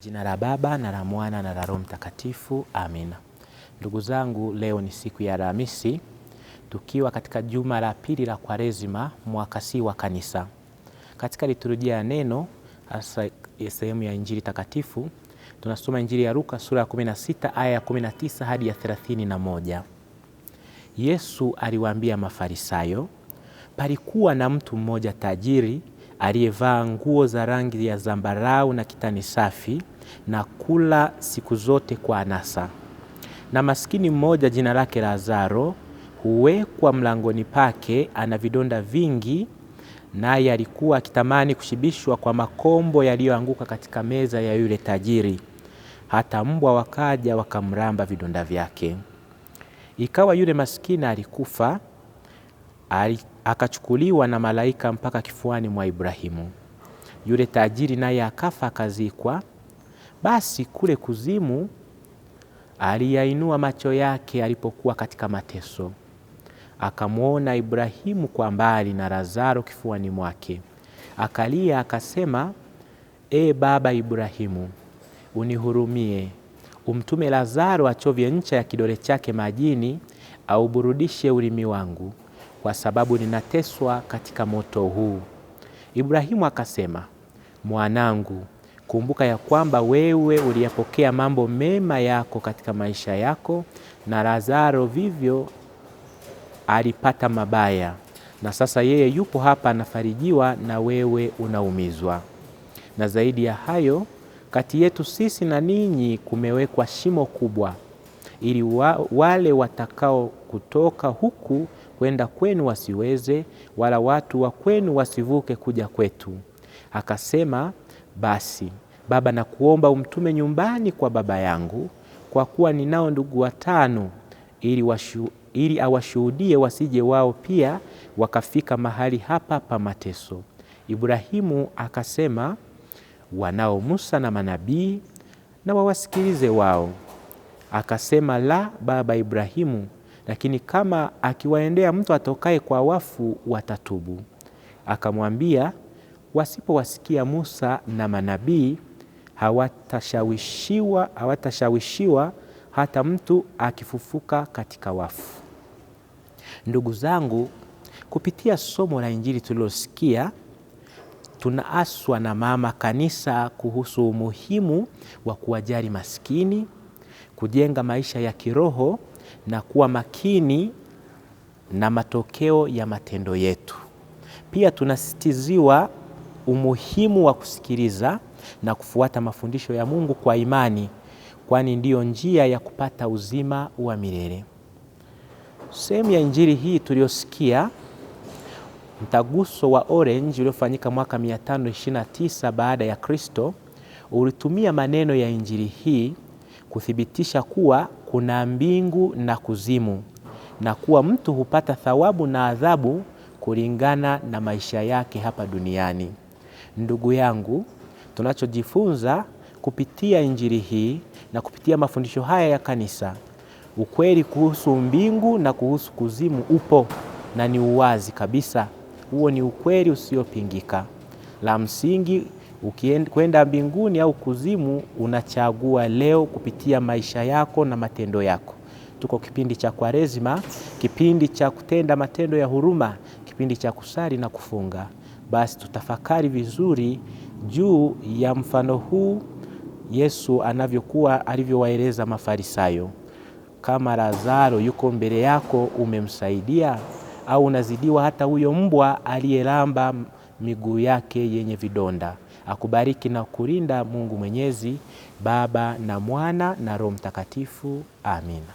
Jina la Baba na la Mwana na la Roho Mtakatifu, amina. Ndugu zangu, leo ni siku ya Alhamisi, tukiwa katika juma la pili la Kwaresima, mwaka C wa Kanisa. Katika liturujia ya neno, hasa sehemu ya Injili takatifu, tunasoma Injili ya Luka sura ya 16 aya ya 19 hadi ya 31. Yesu aliwaambia Mafarisayo, palikuwa na mtu mmoja tajiri aliyevaa nguo za rangi ya zambarau na kitani safi na kula siku zote kwa anasa, na maskini mmoja jina lake Lazaro huwekwa mlangoni pake, ana vidonda vingi, naye alikuwa akitamani kushibishwa kwa makombo yaliyoanguka katika meza ya yule tajiri. Hata mbwa wakaja wakamramba vidonda vyake. Ikawa yule maskini alikufa, akachukuliwa na malaika mpaka kifuani mwa Ibrahimu. Yule tajiri naye akafa akazikwa. Basi kule kuzimu aliyainua macho yake alipokuwa katika mateso, akamwona Ibrahimu kwa mbali na Lazaro kifuani mwake. Akalia akasema, E baba Ibrahimu, unihurumie, umtume Lazaro achovye ncha ya kidole chake majini, auburudishe ulimi wangu kwa sababu ninateswa katika moto huu. Ibrahimu akasema, mwanangu, kumbuka ya kwamba wewe uliyapokea mambo mema yako katika maisha yako, na Lazaro vivyo alipata mabaya, na sasa yeye yupo hapa anafarijiwa, na wewe unaumizwa. Na zaidi ya hayo, kati yetu sisi na ninyi kumewekwa shimo kubwa, ili wa, wale watakao kutoka huku kwenda kwenu wasiweze, wala watu wa kwenu wasivuke kuja kwetu. Akasema, basi Baba, nakuomba umtume nyumbani kwa baba yangu, kwa kuwa ninao ndugu watano, ili washu, ili awashuhudie, wasije wao pia wakafika mahali hapa pa mateso. Ibrahimu akasema, wanao Musa na manabii, na wawasikilize wao. Akasema, la, baba Ibrahimu lakini kama akiwaendea mtu atokaye kwa wafu watatubu. Akamwambia, wasipowasikia Musa na manabii hawatashawishiwa, hawatashawishiwa hata mtu akifufuka katika wafu. Ndugu zangu, kupitia somo la Injili tulilosikia tunaaswa na mama kanisa kuhusu umuhimu wa kuwajali maskini, kujenga maisha ya kiroho na kuwa makini na matokeo ya matendo yetu. Pia tunasisitiziwa umuhimu wa kusikiliza na kufuata mafundisho ya Mungu kwa imani, kwani ndiyo njia ya kupata uzima wa milele. Sehemu ya injili hii tuliyosikia, mtaguso wa Orange uliofanyika mwaka 529 baada ya Kristo ulitumia maneno ya injili hii kuthibitisha kuwa kuna mbingu na kuzimu na kuwa mtu hupata thawabu na adhabu kulingana na maisha yake hapa duniani. Ndugu yangu, tunachojifunza kupitia Injili hii na kupitia mafundisho haya ya kanisa, ukweli kuhusu mbingu na kuhusu kuzimu upo na ni uwazi kabisa. Huo ni ukweli usiopingika. La msingi Ukienda mbinguni au kuzimu, unachagua leo kupitia maisha yako na matendo yako. Tuko kipindi cha Kwaresima, kipindi cha kutenda matendo ya huruma, kipindi cha kusali na kufunga. Basi tutafakari vizuri juu ya mfano huu Yesu anavyokuwa alivyowaeleza Mafarisayo. Kama Lazaro yuko mbele yako, umemsaidia au unazidiwa hata huyo mbwa aliyelamba miguu yake yenye vidonda. Akubariki na kulinda Mungu Mwenyezi, Baba na Mwana na Roho Mtakatifu. Amina.